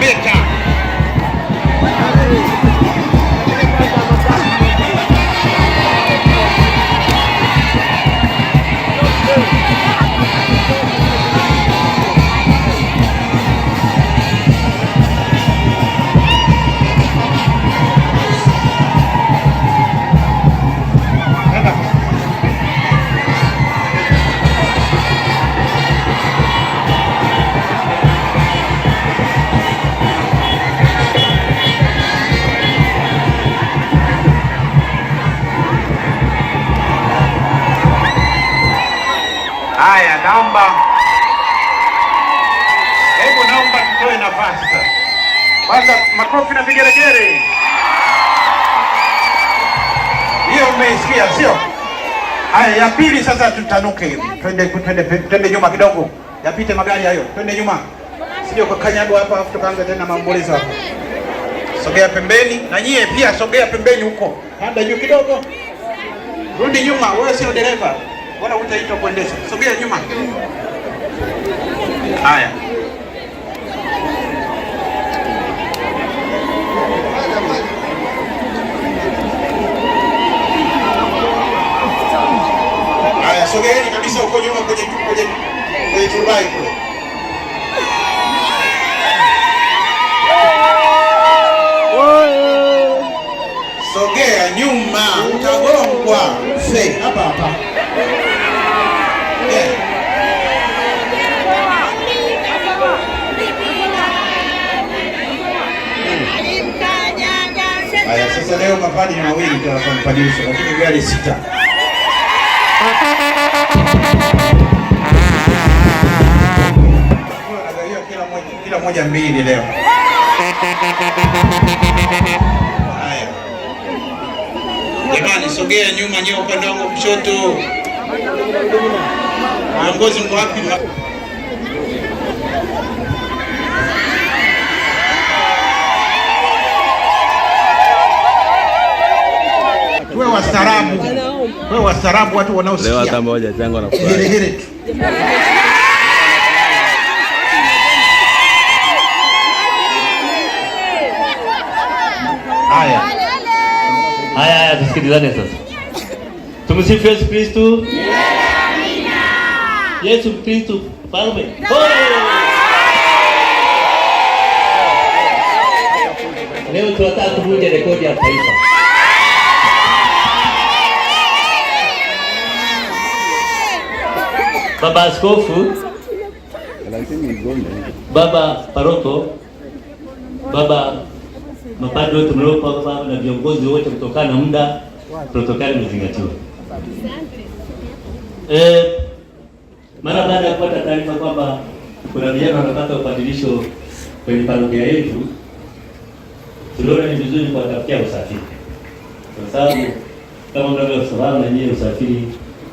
Midtown. naomba, hebu naomba tutoe nafasi Kwanza makofi na vigeregere, hiyo umeisikia, sio? Haya, ya pili sasa, tutanuke twende twende twende nyuma kidogo, yapite magari hayo, twende nyuma, sio kanyago hapa, afu tukaanza tena maombolezo hapo. Sogea pembeni, na nyie pia sogea pembeni huko, panda juu kidogo, rudi nyuma. Wewe sio dereva wala utaitwa kuendesha. Sogea nyuma. Haya, haya, sogeeni kabisa uko nyuma kwenye kwenye kwenye turubai kule. Sogea nyuma, utagongwa mzee hapa hapa yeah. sasa leo mapadi ni mawili tanakampadisha, lakini gari sita kila moja mbili leo Jamani, sogea nyuma nyewe, upande wangu kushoto. Viongozi mko wapi? Tuwe wastaarabu, tuwe wastaarabu, watu wanaosikia. Leo hata moja chango na furaha. Tunasikilizane sasa. Tumsifu Yesu Kristo. Yesu Kristo Mfalme. Leo tunataka kuvunja rekodi ya taifa. Baba Askofu, Baba Paroko, Baba mapadri wote mliopo hapa na viongozi wote, kutokana na muda, protokali imezingatiwa. Eh, mara baada ya kupata taarifa kwamba kuna vijana wanapata upadilisho kwenye parokia yetu, tuliona ni vizuri kuwatafutia usafiri, kwa sababu kama mnavyofahamu na nyie usafiri